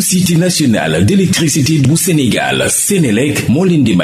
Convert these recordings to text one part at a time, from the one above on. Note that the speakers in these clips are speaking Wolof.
société nationale d'électricité bu Sénégal Sénélec moo leen e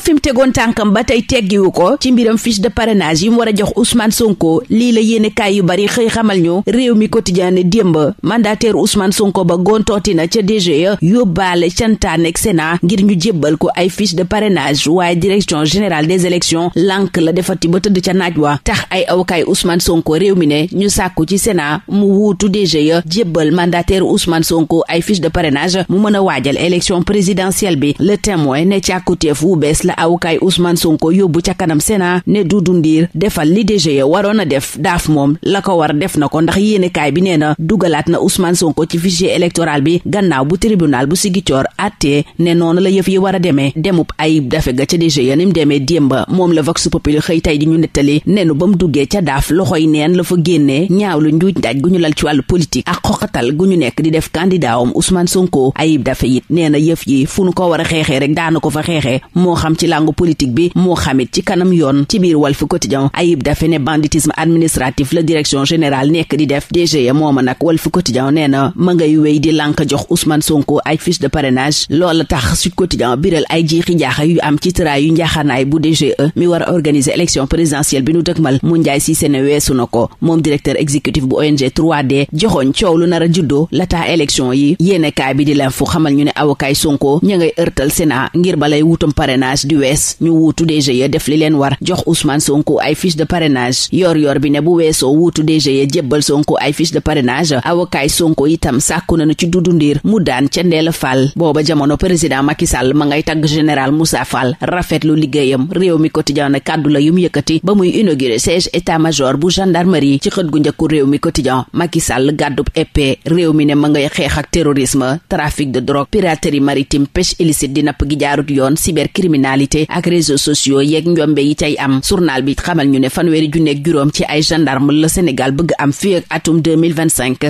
fi mu tegoon tànkam ba tey teggiwu ko ci mbiram fiche de parrainage yi mu war a jox Ousmane Sonko lii la yéene kaay yu bari xëy xamal ñu réew mi quotidien ne démb mandataire Ousmane Sonko ba gontooti na ca DGE yóbbaale cantaan ak Sénat ngir ñu jébbal ko ay fiche de parrainage waaye direction générale des élections lank la defati ba tëdd ca naaj wa tax ay awkaay Ousmane Sonko réew mi ne ñu sàkku ci Sénat mu wuutu DGE jébbal mandataire Ousmane Sonko ay fiche de parrainage mu mën a waajal élection présidentielle bi le témoin ne càkkuteef wu bees la awukaay usman Sonko yóbbu ca kanam Sénat ne Doudou Ndir defal li DGE waroon a def daaf moom la ko war def na ko ndax yéenekaay bi nee na dugalaat na Ousmane Sonko ci fichier électoral bi gannaaw bu tribunal bu Ziguinchor àttee ne noonu la yëf yi war a demee demub Ayib Daffé ga ca DGE ni mu demee démba moom la Vox Populi xëy tay di ñu nettali nenu ba mu duggee ca daaf loxoy neen la fa génnee ñaaw lu njuuj daaj gu ñu lal ci wàllu politique ak xoqatal gu ñu nekk di def kandidaawam Ousmane Sonko ay Daffé it nee na yëf yi fu nu ko war a xeexee rek daana ko fa xeexee moo xam ci làngu politique bi moo xamit ci kanam yoon ci biir wal Walf Quotidien Ayib Daffé ne banditisme administratif la direction général nekk di def DGE mooma wal Walf Quotidien nee na ma ngay wéy di lànk jox Ousmane Sonko ay fiche de parrainage loola tax Sud Quotidien biral ay jiixi jaaxa yu am ci tëraa yu njaaxanaay bu DGE mi war a organiser élection bi nu dëkmal mu njaay si sene weesu ko moom directeur exécutif bu ONG 3D joxoñ coow lu nar a juddoo la tax élection yi yéenekaay bi di la fu xamal ñu ne awokaay Sonko ña ngay ërtal Sénat ngir balay wutam parrainage di wees ñu wuutu DG ya def li leen war jox Ousmane Sonko ay fiche de parrainage yor yor bi ne bu weesoo wutu DG ya jébbal Sonko ay fiche de parrainage awokaay Sonko itam sàkku nañu ci dudu ndiir mu daan ca ndeel Fall booba jamono président Macky Sall ma ngay tagg général Moussa Fall rafetlu liggéeyam réew mi quotidien ne kàddu la yum yëkkati ba muy inauguré siège état major bu gendarmerie ci xët gu njëkku réew mi quotidien Macky Sall gàddu wàllub e réew mi ne ma ngay xeex ak terrorisme trafic de drogue piraterie maritime pêche illicite di napp gi jaarut yoon cybercriminalité ak réseaux sociaux yeeg njombe yi cay am journal bi xamal ñu ne fanweeri junneeg juróom ci ay gendarme la Sénégal bëgg am fii ak atum la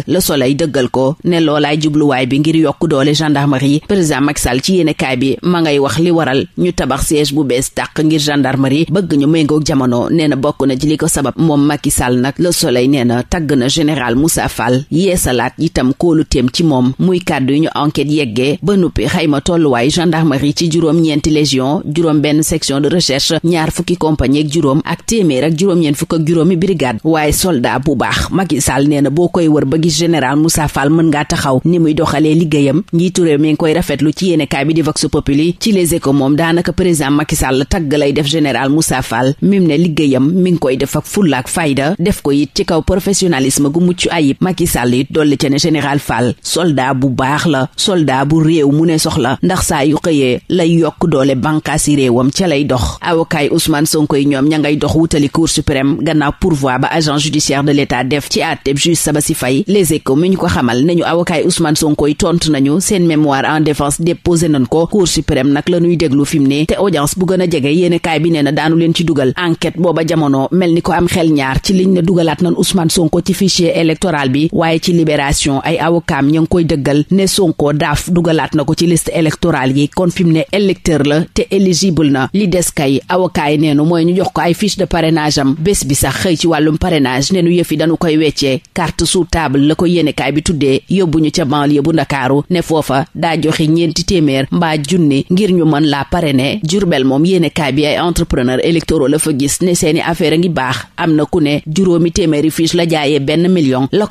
le soleil dëggal ko ne loolaay jubluwaay bi ngir yokk doole gendarmerie président Macky Sall ci yéenekaay bi ma ngay wax li waral ñu tabax siège bu bees tàq ngir gendarmerie bëgg ñu méngoog jamono nee na bokk na ci li ko sabab moom Macky Sall nag le soleil nee na tàgg na général Moussa yeesalaat itam kóoluteem ci moom muy kàddu yu ñu enquête yeggee ba nuppi xayma tolluwaay gendarmerie ci juróom-ñeenti légion juróom benn section de recherche ñaar fukki compagnie ak juróom ak téeméer ak juróom-ñeent fukk ak juróomi brigade waaye soldat bu baax Macky Sall nee na boo koy wër ba gis général Moussa Fall mën ngaa taxaw ni muy doxalee liggéeyam njiitu réew mi ngi koy rafetlu ci yéenekaay bi di Vox Populi ci Les Échos moom daanaka président Macky Sall tagg lay def général Moussa Fall mim ne liggéeyam mi ngi koy def ak fulla fayda def ko it ci kaw professionnalisme gu mucc ayib Macky jaaxle it dolli ca ne général Fall soldat bu baax la soldat bu réew mu ne soxla ndax saa yu xëyee lay yokk doole bànkaasi réewam ca lay dox awokaay Ousmane Sonko yi ñoom ña ngay dox wutali cour suprême gannaaw pourvoi ba agent judiciaire de l'état def ci àtteb juge Sabassi Faye les échos mi ñu ko xamal nañu awokaay Ousmane Sonko yi tontu nañu seen mémoire en défense déposé nañ ko cour suprême nag la ñuy déglu fi mu ne te audience bu gën a jege yéene bi nee na daanu leen ci ci libération ay awokaam ña ngi koy dëggal ne Sonko daaf dugalaat na ko ci list électorale yi kon fi mu ne électeur la te éligible na li des kay awokaa yi neenu mooy ñu jox ko ay fiche de parrainage am bés bi sax xëy ci wàllum parrainage neenu yëf yi dañu koy weccee carte sous table la ko yéenekaay bi tuddee yóbbu ñu ca banlieue bu ndakaaru ne foofa daa joxe ñeenti téeméer mbaa junni ngir ñu mën laa pare ne Jurbel moom yéenekaay bi ay entrepreneur électoraux la fa gis ne seeni affaire a ngi baax am na ku ne juróomi téeméeri fiche la jaayee benn million la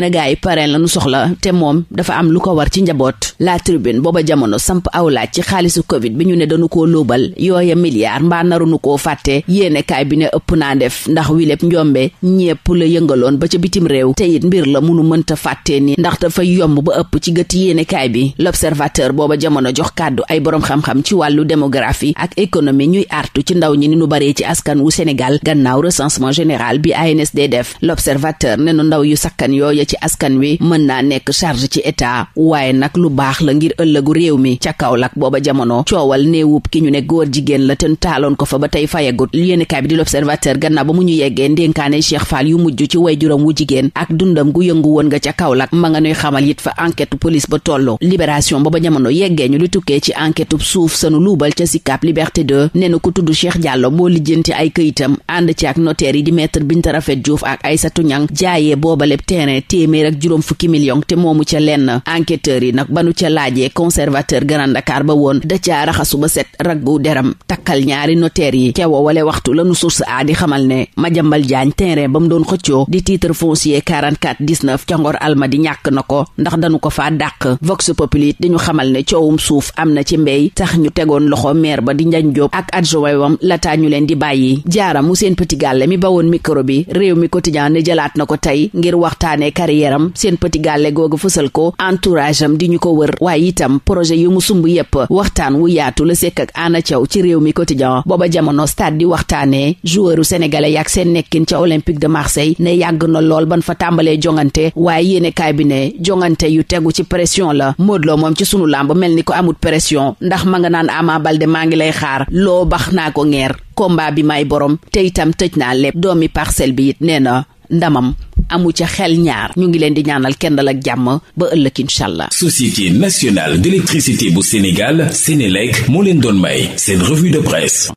na gars yi parrain la nu soxla te moom dafa am lu ko war ci njaboot la tribune booba jamono samp awlaaj ci xaalisu covid bi ñu ne dañu koo lóobal yooya milliard mbaa narunu koo fàtte yéene kaay bi ne ëpp naa def ndax wi lépp njombe ñépp la yëngaloon ba ca bitim réew te it mbir la munu mënta fàtte ni ndax dafa yomb ba ëpp ci gëtt yéene kaay bi l'observateur booba jamono jox kàddu ay boroom xam-xam ci wàllu démographie ak économie ñuy artu ci ndaw ñi ni nu bar ci askan wu Sénégal gannaaw recensement askan wi mën naa nekk charge ci état waaye nag lu baax la ngir ëllëgu réew mi ca Kaolack booba jamono coowal néewub ki ñu ne góor jigéen la tën taaloon ko fa ba tey fayagut yéenekaay bi di l'observateur gannaaw ba mu ñu yeggee ndénkaane Cheikh Fall yu mujj ci way juróom wu jigéen ak dundam gu yëngu woon nga ca Kaolack ma nga nuy xamal yit fa enquête police ba tollu libération ba jamono yeggee ñu lu tukkee ci enquête suuf sanu luubal ca Sicap Liberté 2 nee na ku tudd Cheikh Diallo boo lijjanti ay këyitam ànd ci ak notaire yi di maître Binta Rafet Diouf ak Aïssatou Niang jaayee boobaleb terrain te moomu ca lenn enquêteurs yi nag ba ca laajee conservateur Grand Dakar ba woon da caa raxasu ba set raggu deram takkal ñaari notaire yi ca woowale waxtu lanu source a di xamal ne Madiambal Diagne terrain ba mu doon xëccoo di titre foncier 44 19 ca Ngor Almadi ñàkk na ko ndax dañu ko faa dàq Vox Populi dañu xamal ne coowum suuf am na ci mbéy tax ñu tegoon loxo maire ba di Njañ Jóob ak adjoint wam lataa ñu leen di bàyyi jaara mu seen petit gàlle mi bawoon mi quotidien ne jëlaat na ko carrière am seen petit gàlle googu fësal ko entourage am di ñu ko wër waaye tam projet yu mu sumb yépp waxtaan wu yaatu la sekk ak Anna Thiaw ci réew mi quotidien booba jamono stade di waxtaanee joueuru sénégalais yaak seen nekkin ca olympique de marseille ne yàgg na lool ban fa tàmbalee jongante waaye yéene kaay bi ne jongante yu tegu ci pression la Modou Lo moom ci sunu làmb mel ni ko amut pression ndax ma nga naan Ama Baldé maa ngi lay xaar loo bax naa ko ngeer bi may borom te itam tëj naa lépp bi it nee na amu ca xel ñaar ñu ngi leen di ñaanal kendal ak jàmm ba ëllëg incha allah. Société nationale d'électricité bu Sénégal Sénélec moo leen doon may seen revue de presse.